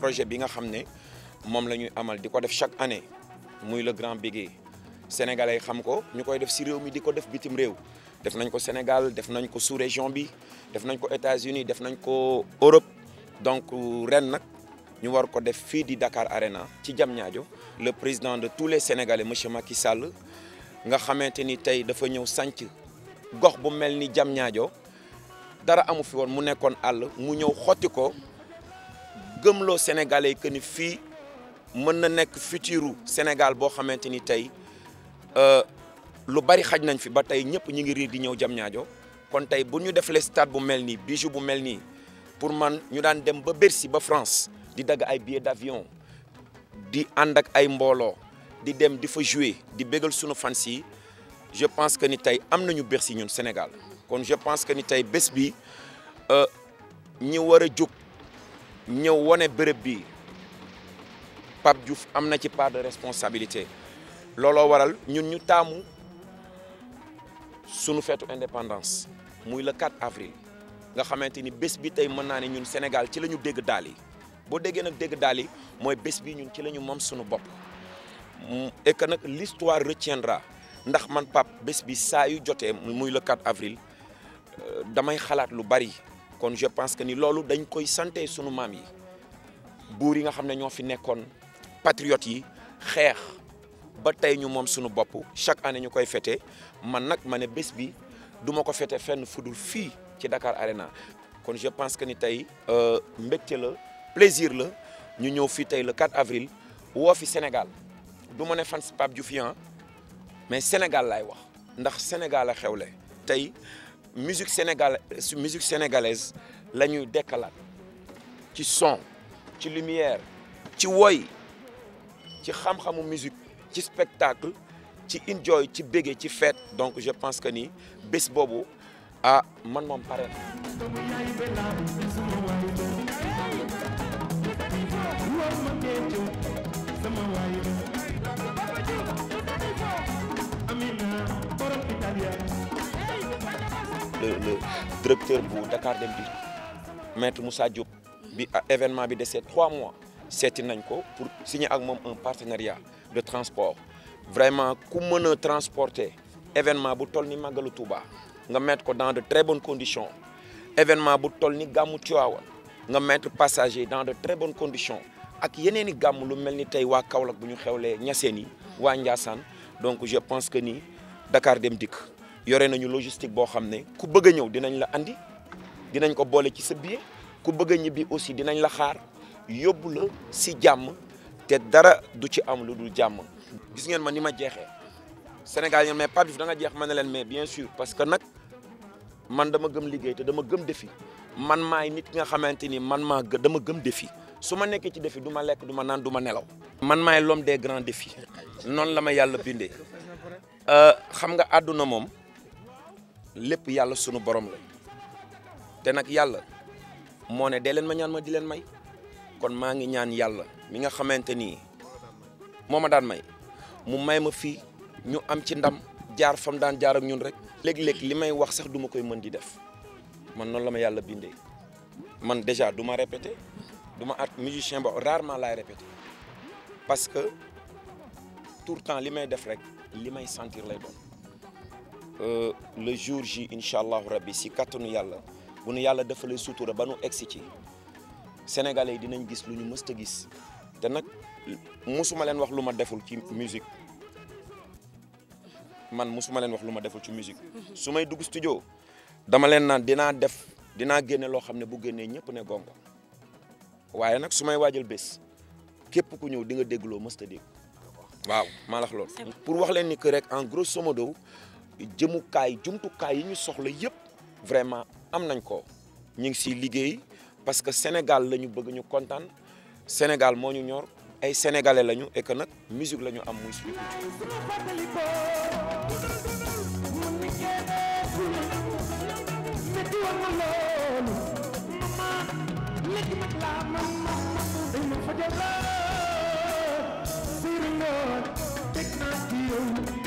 projet bi nga xam ne moom lañuy amal di ko def chaque année muy le grand bégué yi xam ko ñu koy def si réew mi di ko def bitim réew def nañ ko Sénégal def nañ ko sous région bi def nañ ko États-Unis def nañ ko Europe donc ren nak ñu war ko def fi di Dakar Arena ci Diamniadio le président de tous les Sénégalais monsieur Macky Sall nga xamanteni tay dafa ñew sanc gox bu melni ni Diamniadio dara amu fi won mu nekkon all mu ñew xotti ko Sénégalais que ni fi mën na nekk futuru Sénégal bo xamanteni tay euh lu bari xaj nañ fi ba tey ñëpp ñu ngi riir di ñëw jam ñaajo kon tey bu ñu defalee stade bu mel nii bijou bu mel nii pour man ñu daan dem ba Bercy ba France di dagg ay billet d'avion di ànd ak ay mbooloo di dem di fa jouer di bégal sunu fans yi je pense que ni tey am nañu Bercy ñun Sénégal kon je pense que ni tey bés bi euh, ñi war a jóg ñëw wane bërëb bi Pape Diouf am na ci part de responsabilité looloo waral ñun ñu taamu sunu feetu indépendance muy le 4 avril nga xamanteni ni bi tay mën naa ne ñun Sénégal ci lañu dégg dali bo déggé nak dégg dali moy mooy bi ñun ci lañu mom moom sunu bopp et que nak l'histoire retiendra ndax man pap bés bi sa yu joté muy le 4 avril euh, damay xalat lu bari kon je pense que ni lolu dañ koy santé sunu mam yi bour yi nga xamné ño fi nekkoon patriotes yi xex ba tey ñu moom suñu bopp chaque année ñu koy fete man nag ma ne bés bi du ma ko fete fenn fudul fii ci Dakar Arena kon je pense que ni tey euh, mbégte le plaisir le, ñu ñëw fii tey le 4 avril woo fi Sénégal du ma ne fan si Pape ah, mais Sénégal laay wax ndax Sénégal la xewle tey musique sénégal musique sénégalaise la ñuy dekkalaat ci son ci lumière ci woy ci xam-xamu musique ci spectacle ci enjoy ci bégé ci fête donc je pense que ni bés bobo à ah, man mom pare le le directeur bu Dakar Dem maître Moussa Diop bi ah, événement bi trois mois seeti nañ ko pour signer ak un partenariat de transport vraiment ku mën transporter événement bu toll ni màggalu Touba nga mettre ko dans de très bonnes conditions événement bu toll ni gàmmu Tiwaawan nga mettre passager dans de très bonnes conditions ak yeneen i gàmm lu mel ni tey waa Kaolack bu ñu xewlee donc je pense que ni Dakar Dem dik yoré nañu logistique bo xamné ku bëgg a ñëw dinañ la andi dinañ ko bolé ci sa billet ku bëgg ñibi aussi dinañ la xaar yóbbu la si jàmm te dara du ci am lu dul jàmm. gis ngeen ma ni ma jeexee Sénégal yéen mais Pape Diouf da jeex ma ne leen mais bien sûr parce que nag man dama gëm liggéey te dama gëm defi man maay nit nga xamante ni man maa dama gëm défi su ma nekkee ci defi du ma lekk du ma naan du ma nelaw. man maay l'homme de grands défis noonu la ma yàlla bindee euh, xam nga àdduna moom lépp yàlla sunu borom la te nag yàlla moo ne dee leen ma ñaan ma di leen may. kon maa ngi ñaan yalla mi nga ni daan may mu may ma ñu am ci ndam jaar fam daan jaar ak ñun rek wax sax duma koy di def man non la ma man déjà répété musicien ba rarement répéter. parce que tout le temps limay def rek sentir lay doon euh, le jour J inshallah rabbi si kattanu yàlla bu sénégalais yi dinañ gis lu ñu mësta gis te nag musuma leen wax lu ma deful ci musique man musuma leen wax lu ma deful ci musique mhm. su may dugg studio dama leen naan dinaa def dinaa génne loo xam ne bu génnee ñëpp ne gongo waaye nag su may waajal bés képp ku ñëw di nga dégg loo mës dégg waaw maa la wax pour wax leen ni que rek en grosso modo jëmukaay jumtukaay yi ñu soxla yëpp vraiment am nañ ko ñu ngi siy liggéey parce que Sénégal lañu bëgg ñu contane Sénégal mo ñu ñor ay sénégalais lañu et que nak musique lañu am muy suñu culture